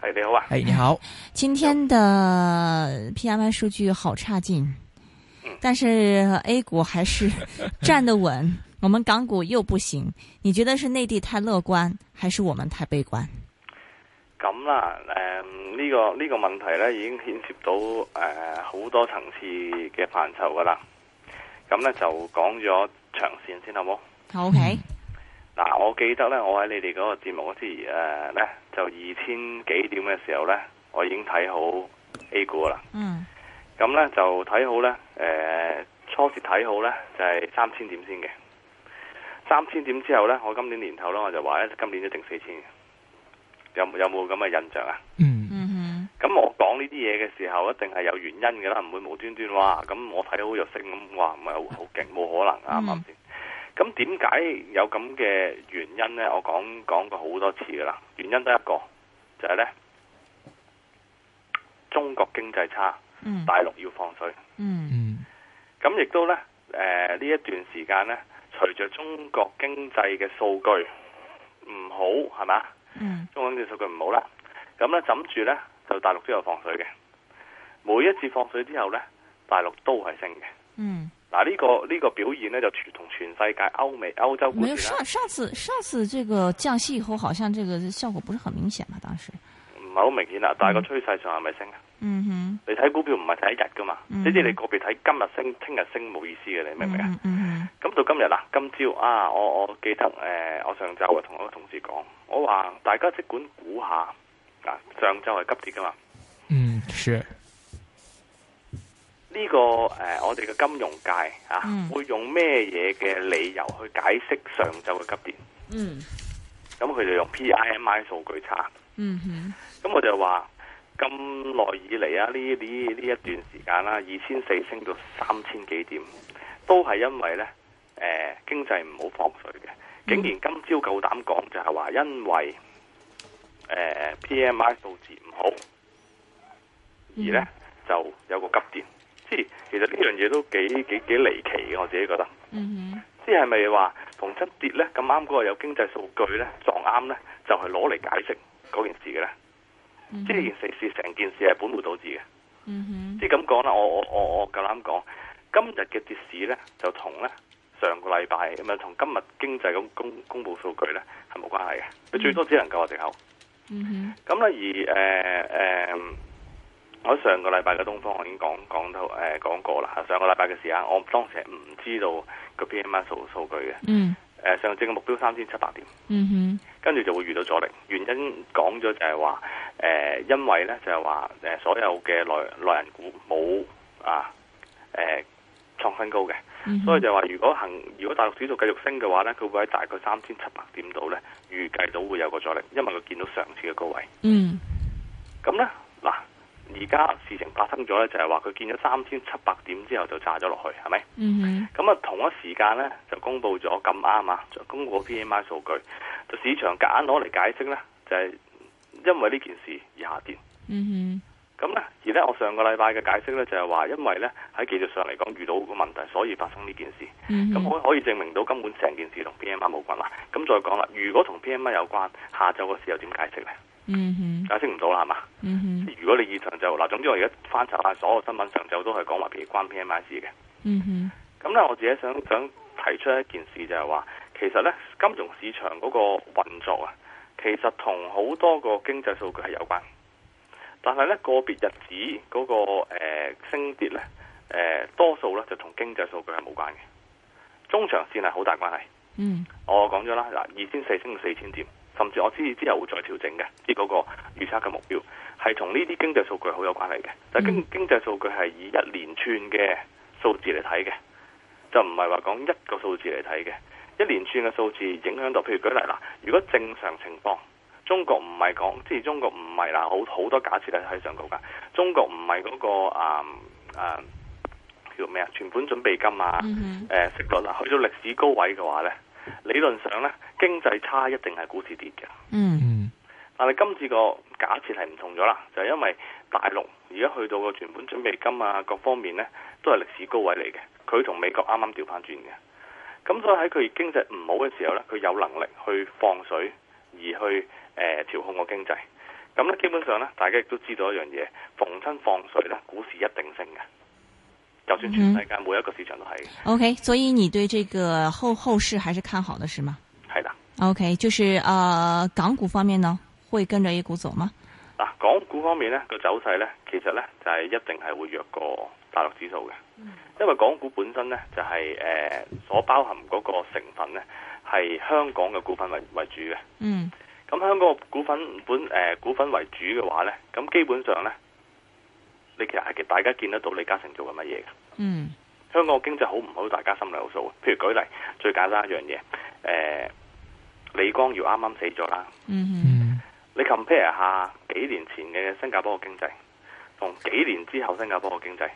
係、hey，你好啊！哎，你好！今天的 P M I 數據好差勁，嗯、但是 A 股還是站得穩， 我們港股又不行。你覺得是內地太樂觀，還是我們太悲觀？咁啦、啊，誒、呃，呢個呢個問題咧，已經牽涉到誒呃、好多層次嘅範疇噶啦。咁咧就講咗長線先，好冇？O K。嗱、啊，我記得咧，我喺你哋嗰個節目時，即係誒咧，就二千幾點嘅時候咧，我已經睇好 A 股啦。嗯，咁咧就睇好咧，誒、呃，初時睇好咧就係、是、三千點先嘅。三千點之後咧，我今年年頭咧我就話咧，今年一定四千。有有冇咁嘅印象啊？嗯嗯，咁我講呢啲嘢嘅時候，一定係有原因嘅啦，唔會無端端哇咁我睇好弱性咁哇唔係好勁，冇可能啱啱先？嗯咁點解有咁嘅原因呢？我講講過好多次㗎喇，原因得一個，就係、是、呢：中國經濟差，嗯、大陸要放水，嗯咁亦都呢，呢、呃、一段時間呢，隨着中國經濟嘅數據唔好，係嘛？嗯、中國經濟數據唔好啦，咁呢，枕住呢,呢，就大陸都有放水嘅，每一次放水之後呢，大陸都係升嘅，嗯。嗱，呢、啊這個呢、這個表現咧就同全世界、歐美、歐洲冇。沒有上上次上次這個降息以後，好像這個效果不是很明顯嘛？當時唔係好明顯啊，但係個趨勢上係咪升？嗯哼，你睇股票唔係睇一日噶嘛？嗯，你知你個別睇今日升，聽日升冇意思嘅，你明唔明啊？咁到今日啦，今朝啊，我我記得誒、呃，我上晝啊同我個同事講，我話大家即管估下，嗱、啊，上周係急跌噶嘛？嗯，是。呢、這個誒、呃，我哋嘅金融界啊，嗯、會用咩嘢嘅理由去解釋上晝嘅急跌？嗯，咁佢就用 PMI 數據差。嗯哼，咁我就話咁耐以嚟啊，呢呢呢一段時間啦，二千四升到三千幾點，都係因為咧，誒、呃，經濟唔好放水嘅，竟然今朝夠膽講就係話，因為誒、呃、P M I 數字唔好，而呢就有個急跌。嗯即係其實呢樣嘢都幾幾幾離奇嘅，我自己覺得。嗯哼、mm，hmm. 即係咪話逢七跌咧？咁啱嗰個有經濟數據咧，撞啱咧，就係攞嚟解釋嗰件事嘅咧。即係、mm hmm. 件事成件事係本末倒置嘅。嗯哼、mm，hmm. 即係咁講啦，我我我我夠膽講，今日嘅跌市咧，就同咧上個禮拜咁樣，同今日經濟公公公布數據咧係冇關係嘅。佢、mm hmm. 最多只能夠話借口。嗯哼、mm。咁、hmm. 咧而誒誒。呃呃我喺上個禮拜嘅東方，我已經講講到誒講、呃、過啦，上個禮拜嘅時間，我當時唔知道個 PMI 數數據嘅。嗯。誒，上證嘅目標三千七百點。嗯哼、mm。Hmm. 跟住就會遇到阻力，原因講咗就係話，誒、呃，因為咧就係、是、話，誒、呃，所有嘅內內人股冇啊，誒、呃，創新高嘅，mm hmm. 所以就話如果行如果大陸指數繼續升嘅話咧，佢會喺大概三千七百點度咧，預計到會有個阻力，因為佢見到上次嘅高位。嗯、mm。咁、hmm. 咧？而家事情發生咗咧，就係話佢見咗三千七百點之後就炸咗落去，係咪？嗯咁啊，hmm. 同一時間咧就公布咗咁啱啊，就公布咗 P M I 數據，就市場夾硬攞嚟解釋咧，就係、是、因為呢件事而下跌。嗯咁咧，而咧我上個禮拜嘅解釋咧就係話，因為咧喺技術上嚟講遇到個問題，所以發生呢件事。咁可、mm hmm. 可以證明到根本成件事同 P M I 冇關啦。咁再講啦，如果同 P M I 有關，下晝嘅時候又點解釋咧？嗯、mm hmm. 解釋唔到啦，係嘛？Mm hmm. 如果你以上就嗱，總之我而家翻查翻所有新聞，上就都係講話譬如關 P M I C 嘅。咁咧、mm，hmm. 那我自己想想提出一件事就係話，其實咧金融市場嗰個運作啊，其實同好多個經濟數據係有關的。但係咧個別日子嗰、那個誒、呃、升跌咧，誒、呃、多數咧就同經濟數據係冇關嘅。中長線係好大關係。嗯、mm，hmm. 我講咗啦，嗱，二千四升到四千點。甚至我知之後會再調整嘅，即、嗰個預測嘅目標係同呢啲經濟數據好有關係嘅。但、係、經經濟數據係以一連串嘅數字嚟睇嘅，就唔係話講一個數字嚟睇嘅。一連串嘅數字影響到，譬如舉例啦，如果正常情況，中國唔係講，即係中國唔係嗱，好好多假設係喺上高噶。中國唔係嗰個啊啊叫咩啊？存款準備金啊，mm hmm. 誒，息率啊，去到歷史高位嘅話咧。理論上咧，經濟差一定係股市跌嘅。嗯，但係今次個假設係唔同咗啦，就係因為大陸而家去到個存款準備金啊，各方面咧都係歷史高位嚟嘅。佢同美國啱啱調翻轉嘅，咁所以喺佢經濟唔好嘅時候咧，佢有能力去放水而去誒調、呃、控個經濟。咁咧基本上咧，大家亦都知道一樣嘢，逢親放水咧，股市一定升嘅。就算全世界、嗯、每一個市場都係，OK，所以你對這個後後市還是看好的是嗎？係的 o、okay, k 就是誒、呃、港股方面呢，會跟着 A 股走嗎？啊、港股方面呢，這個走勢呢，其實呢，就係、是、一定係會弱過大陸指數嘅，嗯、因為港股本身呢，就係、是、誒、呃、所包含嗰個成分呢，係香港嘅股、嗯股、呃、股份為主嘅，嗯，咁香港股份本、呃、股份為主嘅話呢，咁基本上呢。你其實係大家見得到李嘉誠做緊乜嘢嘅。嗯，mm. 香港嘅經濟好唔好，大家心裏有數，譬如舉例，最簡單一樣嘢，誒、呃，李光耀啱啱死咗啦。嗯、mm hmm. 你 compare 下幾年前嘅新加坡嘅經濟，同幾年之後的新加坡嘅經濟，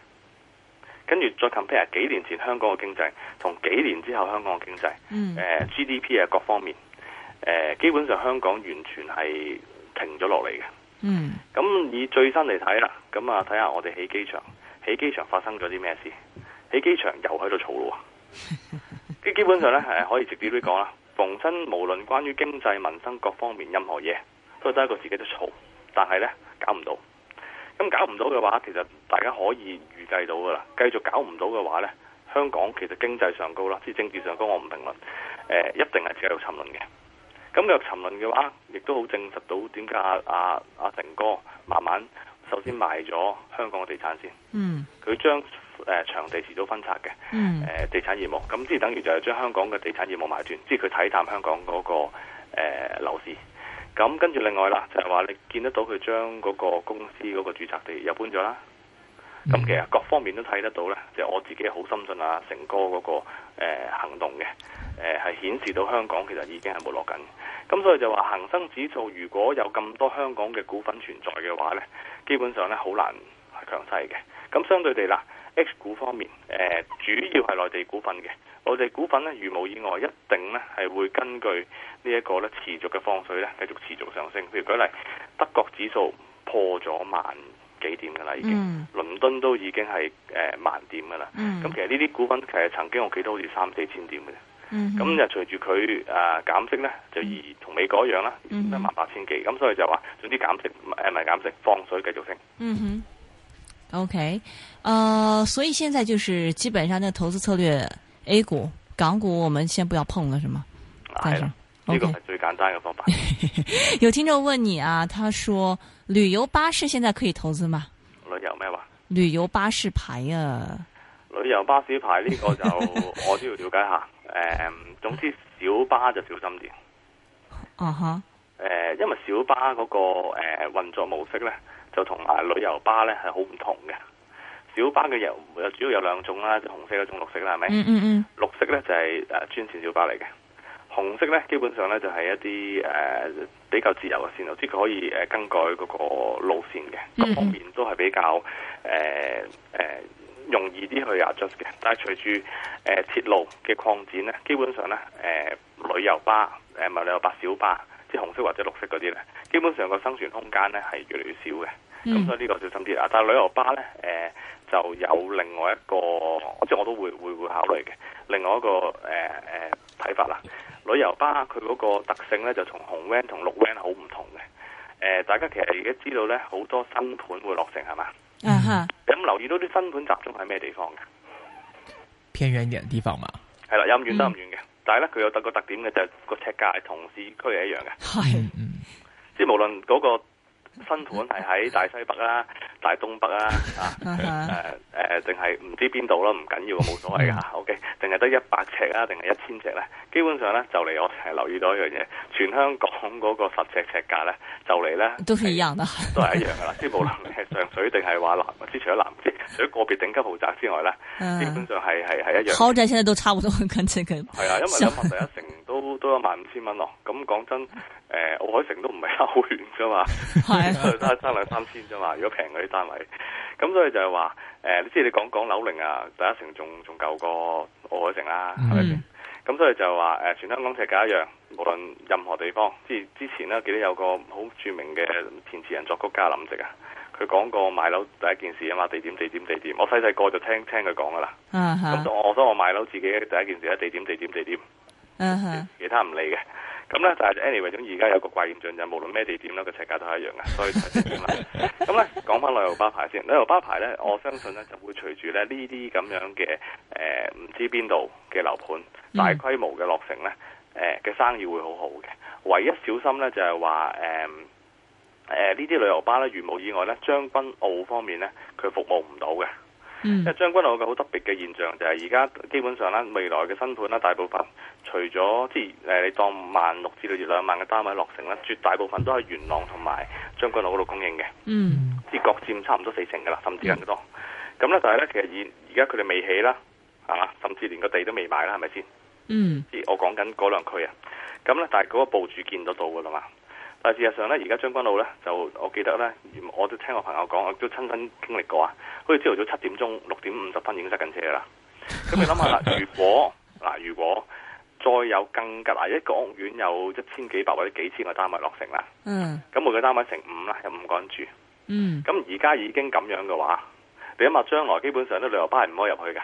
跟住再 compare 幾年前香港嘅經濟，同幾年之後的香港嘅經濟，誒、mm hmm. 呃、GDP 啊各方面，誒、呃、基本上香港完全係停咗落嚟嘅。嗯，咁以最新嚟睇啦，咁啊睇下我哋喺機場，喺機場發生咗啲咩事？喺機場又喺度吵咯，基本上咧係可以直接啲講啦。逢親無論關於經濟民生各方面任何嘢，都係得一個自己嘅吵，但係咧搞唔到。咁搞唔到嘅話，其實大家可以預計到噶啦。繼續搞唔到嘅話咧，香港其實經濟上高啦，即係政治上高我評論，我唔評論。誒，一定係自己喺度沉淪嘅。咁又沉淪嘅話，亦都好證實到點解阿阿阿誠哥慢慢首先賣咗香港嘅地產先。嗯，佢將長地遲早分拆嘅。嗯，地產業務，咁即係等於就係將香港嘅地產業務賣斷，即係佢睇淡香港嗰個樓市。咁跟住另外啦，就係話你見得到佢將嗰個公司嗰個註冊地又搬咗啦。咁、嗯、其實各方面都睇得到咧，就是、我自己好深信啊，成哥嗰、嗰個誒、呃、行動嘅，誒係顯示到香港其實已經係冇落緊，咁所以就話恒生指數如果有咁多香港嘅股份存在嘅話呢，基本上呢好難強勢嘅。咁相對地啦、呃、H 股方面誒、呃、主要係內地股份嘅，內地股份呢，如無意外一定呢係會根據呢一個呢持續嘅放水呢，繼續持續上升。譬如舉例德國指數破咗萬。幾點噶啦已經，嗯、倫敦都已經係誒萬點噶啦。咁、嗯、其實呢啲股份其實曾經我記得好似三四千點嘅，咁、嗯、哼就隨住佢誒減息呢，就而同美國一樣啦，一萬八千幾。咁、嗯、哼所以就話，總之減息誒唔係減息，放水繼續升。嗯哼，OK，誒、呃，所以現在就是基本上嘅投資策略，A 股、港股，我們先不要碰啦，是嗎？係啦，呢個係最簡單嘅方法。 有聽眾問你啊，他說。旅遊巴士現在可以投資嗎？旅遊咩話？旅遊巴士牌啊？旅遊巴士牌呢個就 我都要了解下。誒、呃，總之小巴就小心啲。嗯哼、uh。誒、huh. 呃，因為小巴嗰、那個誒運、呃、作模式咧，就和遊呢同埋旅遊巴咧係好唔同嘅。小巴嘅又主要有兩種啦，就紅色嗰種、綠色啦，係咪？嗯嗯嗯。Hmm. 綠色咧就係誒專線小巴嚟嘅。紅色咧，基本上咧就係一啲誒、呃、比較自由嘅線路，即係可以誒更改嗰個路線嘅，各、mm hmm. 方面都係比較誒誒、呃呃、容易啲去 adjust 嘅。但係隨住誒、呃、鐵路嘅擴展咧，基本上咧誒、呃、旅遊巴誒、呃、唔係旅遊巴小巴，即係紅色或者綠色嗰啲咧，基本上個生存空間咧係越嚟越少嘅。咁、mm hmm. 所以呢個小心啲啦。但係旅遊巴咧誒、呃、就有另外一個，即係我都會會會考慮嘅，另外一個誒誒睇法啦。旅遊巴佢嗰個特性咧，就紅同紅 van 同綠 van 好唔同嘅。誒、呃，大家其實而家知道咧，好多新盤會落成係嘛。啊哈。咁、uh huh. 留意到啲新盤集中喺咩地方嘅？偏遠一點嘅地方嘛。係啦，有咁遠都咁遠嘅，但係咧佢有特個特點嘅就係、是、個尺價同市區係一樣嘅。係。即係無論嗰、那個。新盤係喺大西北啦、啊、大東北啦、啊，啊，誒誒，定係唔知邊度咯，唔緊要，冇所謂噶 ，OK，定係得一百尺啊，定係一千尺咧？基本上咧，就嚟我成日留意到一樣嘢，全香港嗰個十尺尺價咧，就嚟咧都係一樣的，都係一樣噶啦，即 無論係上水定係話南，即除咗南極，除咗個別頂級豪宅之外咧，啊、基本上係係係一樣。豪宅現在都差唔多，近住佢係因為諗第一城都都有萬五千蚊咯，咁、嗯、講真，誒、呃，奧海城都唔係差好遠嘛。 差兩 三,三千啫嘛，如果平嗰啲單位，咁 所以就係話，誒、呃，即係你講講樓齡啊，第一城仲仲夠過二開成啦，係咪、啊？咁、嗯、所以就係話，誒、呃，全香港尺價一樣，無論任何地方，即係之前咧記得有個好著名嘅填詞人作曲家林夕啊，佢講過買樓第一件事啊嘛，地點地點地點，地點，我細細個就聽聽佢講噶啦，咁我 我想我買樓自己第一件事咧，地點地點地點，地點地點 其他唔理嘅。咁咧，但係、就是、anyway，咁而家有個怪現象就無論咩地點咧，個尺價都係一樣嘅，所以睇唔到啦。咁咧， 講翻旅遊巴牌先，旅遊巴牌咧，我相信咧就會隨住咧呢啲咁樣嘅呃、唔知邊度嘅樓盤大規模嘅落成咧，呃、嘅生意會好好嘅。唯一小心咧就係話誒誒呢啲旅遊巴咧，如無意外咧，將軍澳方面咧，佢服務唔到嘅。因為將軍澳嘅好特別嘅現象就係而家基本上咧、啊、未來嘅新盤啦，大部分除咗即係誒，你當萬六至到二兩萬嘅單位落成咧，絕大部分都係元朗同埋將軍澳嗰度供應嘅，嗯，即係各佔差唔多四成噶啦，甚至更多。咁咧、嗯，但係咧，其實而而家佢哋未起啦，啊，甚至連個地都未買啦，係咪先？嗯，即我講緊嗰兩區啊，咁咧，但係嗰個部署見得到噶啦嘛。但事實上咧，而家將軍澳咧就，我記得咧，我都聽我朋友講，我都親身經歷過啊！好似朝頭早七點鐘、六點五十分已經塞緊車啦。咁你諗下啦，如果嗱， 如果再有更㗎，嗱一個屋苑有一千幾百或者幾千個單位落成啦，嗯，咁每個單位乘五啦，有五個人住，嗯，咁而家已經咁樣嘅話，你諗下將來基本上都旅遊巴係唔可以入去㗎。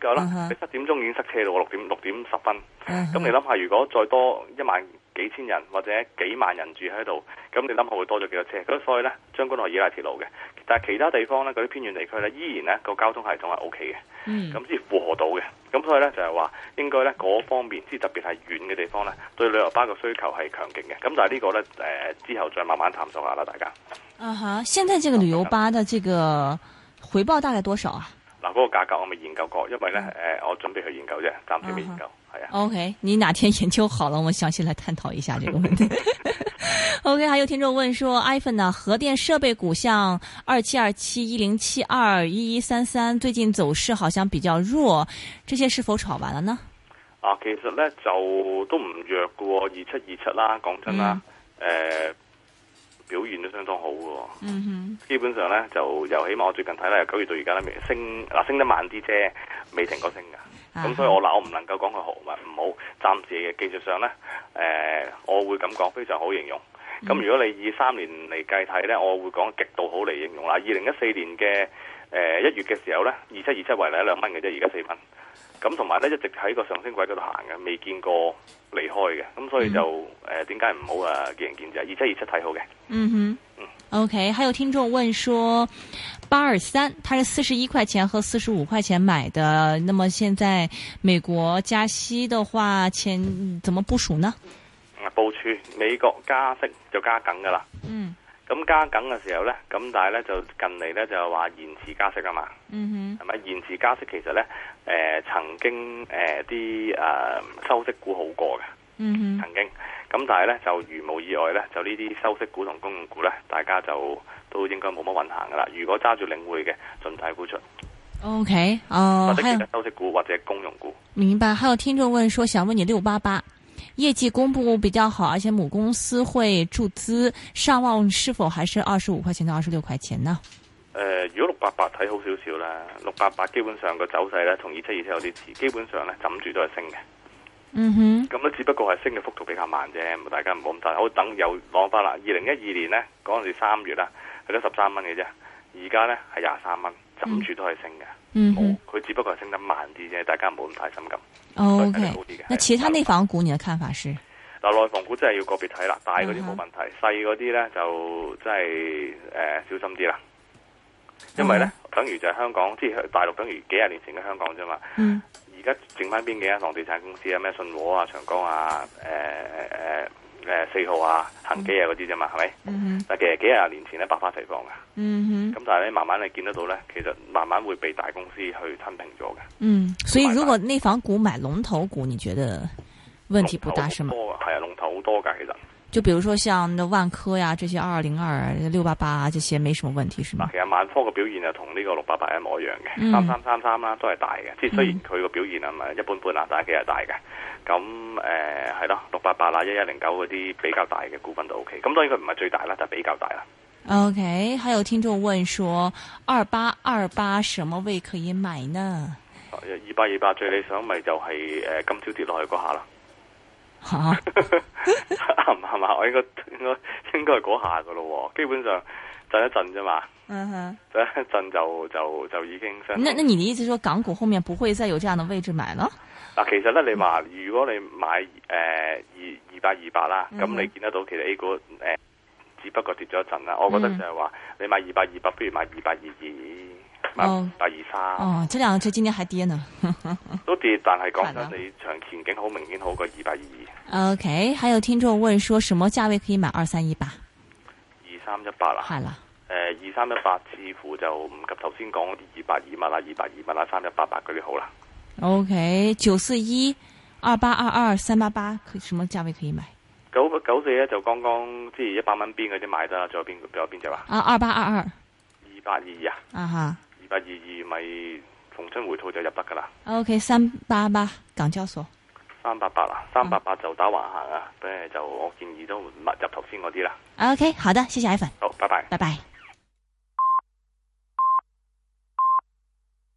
夠啦， 你七 點鐘已經塞車到六點六點十分，咁 你諗下，如果再多一萬，幾千人或者幾萬人住喺度，咁你諗下會多咗幾多車？咁所以呢，將軍澳係依賴鐵路嘅，但係其他地方呢，嗰啲偏遠地區呢，依然呢個交通系統係 OK 嘅，咁先、嗯、符合到嘅。咁所以呢，就係、是、話，應該呢嗰方面，即係特別係遠嘅地方呢，對旅遊巴嘅需求係強勁嘅。咁但係呢個呢，誒、呃，之後再慢慢探索下啦，大家。啊哈，現在這個旅遊巴的這個回報大概多少啊？嗱，嗰個價格我未研究過，因為呢，誒、啊哈呃，我準備去研究啫，暫時未研究。啊啊、OK，你哪天研究好了，我們詳細來探討一下這個問題。 OK，還、啊、有聽眾問說，iPhone 呢、啊，核電設備股像二七二七、一零七二、一一三三，最近走勢好像比較弱，這些是否炒完了呢？啊，其實呢，就都唔弱嘅、哦，二七二七啦，講真啦，誒、嗯呃，表現都相當好嘅、哦。嗯哼，基本上呢，就由起碼我最近睇咧，九月到而家咧，升、啊、升得慢啲啫，未停過升噶。咁、uh huh. 嗯、所以我嗱，我唔能夠講佢好，唔好，暫時嘅技術上呢，誒、呃，我會咁講，非常好形容。咁、mm hmm. 如果你以三年嚟計睇呢，我會講極度好嚟形容啦。二零一四年嘅誒一月嘅時候呢，二七二七為例一兩蚊嘅啫，而家四蚊咁，同、啊、埋呢，一直喺個上升軌度行嘅，未見過離開嘅。咁、啊、所以就誒點解唔好啊？見仁見智，二七二七睇好嘅，嗯哼、mm，hmm. 嗯。OK，還有聽眾問說，八二三它是四十一塊錢和四十五塊錢買的，那麼現在美國加息的話，錢怎麼部署呢？啊，部署美國加息就加緊噶啦。嗯。咁加緊嘅時候咧，咁但係咧就近嚟咧就係話延遲加息啊嘛。嗯哼。係咪延遲加息？其實咧，誒、呃，曾經誒啲誒收息股好過嘅。嗯，曾經，咁但係咧就如無意外咧，就呢啲收息股同公用股咧，大家就都應該冇乜運行噶啦。如果揸住領匯嘅，盡快沽出。O K，哦，或者收息股有或者公用股。明白，還有聽眾問說，想問你六八八，業績公布比較好，而且母公司會注資，上望是否還是二十五塊錢到二十六塊錢呢？誒、呃，如果六八八睇好少少啦，六八八基本上個走勢咧，同二七二七有啲似，基本上咧枕住都係升嘅。嗯哼，咁咧只不過係升嘅幅度比較慢啫，大家唔好咁大。好等又攞翻啦。二零一二年呢，嗰陣時三月啦，係得十三蚊嘅啫，而家呢，係廿三蚊，枕住都係升嘅。佢、嗯、哼只不過係升得慢啲啫，大家唔、哦、好咁太心急。O K，好啲嘅。那其他內房股你嘅看法是？嗱，內房股真係要個別睇啦，大嗰啲冇問題，細嗰啲呢就真係誒小心啲啦，因為呢，嗯、哼等於就係香港，即係大陸等於幾廿年前嘅香港啫嘛。嗯而家剩翻邊幾間房地產公司啊？咩信和啊、長江啊、誒誒誒誒四號啊、恒基啊嗰啲啫嘛，係咪？但其實幾廿年前咧百花齊放嘅，咁但係咧慢慢你見得到咧，其實慢慢會被大公司去吞平咗嘅。嗯，所以如果內房股買龍頭股，你覺得問題不大是嗎？係啊，龍頭好多㗎，其實。就比如說像萬科呀、啊，這些二二零二、六八八啊，這些沒什麼問題，是吧？其實萬科嘅表現啊，同呢個六八八一模一樣嘅，三三三三啦，都係大嘅。即雖然佢個表現啊咪一般般啦，但係佢係大嘅。咁誒係咯，六八八啦，一一零九嗰啲比較大嘅股份都 OK。咁當然佢唔係最大啦，但、就、係、是、比較大啦。OK，還有聽眾問說，二八二八什麼位可以買呢？二八二八最理想咪就係誒今朝跌落去嗰下啦。吓，係嘛？我應該應該應該係嗰下噶咯，基本上震一震啫嘛。嗯哼，震一震就就就已經了。 那那你的意思說港股後面不會再有這樣的位置買了？嗱，其實咧，你話如果你買誒二二百二百啦，咁、呃、你見得到其實 A 股誒、呃，只不過跌咗一陣啦。我覺得就係話你買二百二百，不如買二百二二。哦，第二三哦，這兩隻今年還跌呢，呵呵都跌，但係講真，正你長前景好明顯好過二百二二。O K，還有聽眾問，說什麼價位可以買二三一八？二三一八啦，係啦，誒了，二三一八似乎就唔及頭先講嗰啲二百二蚊啦、二百二蚊啦、三一八八嗰啲好啦。O K，九四一二八二二三八八，可什麼價位可以買？九九四一就剛剛即係一百蚊邊嗰啲買得啦，仲有邊仲有邊隻話啊？二八二二二八二二啊？啊哈。第二二咪逢春回吐就入得噶啦。O K 三八八港交所。三八八啊，三八八就打橫行啊，咧、嗯、就我建議都唔入頭先嗰啲啦。O、okay, K 好的，謝謝 Ivan。好，拜拜。拜拜。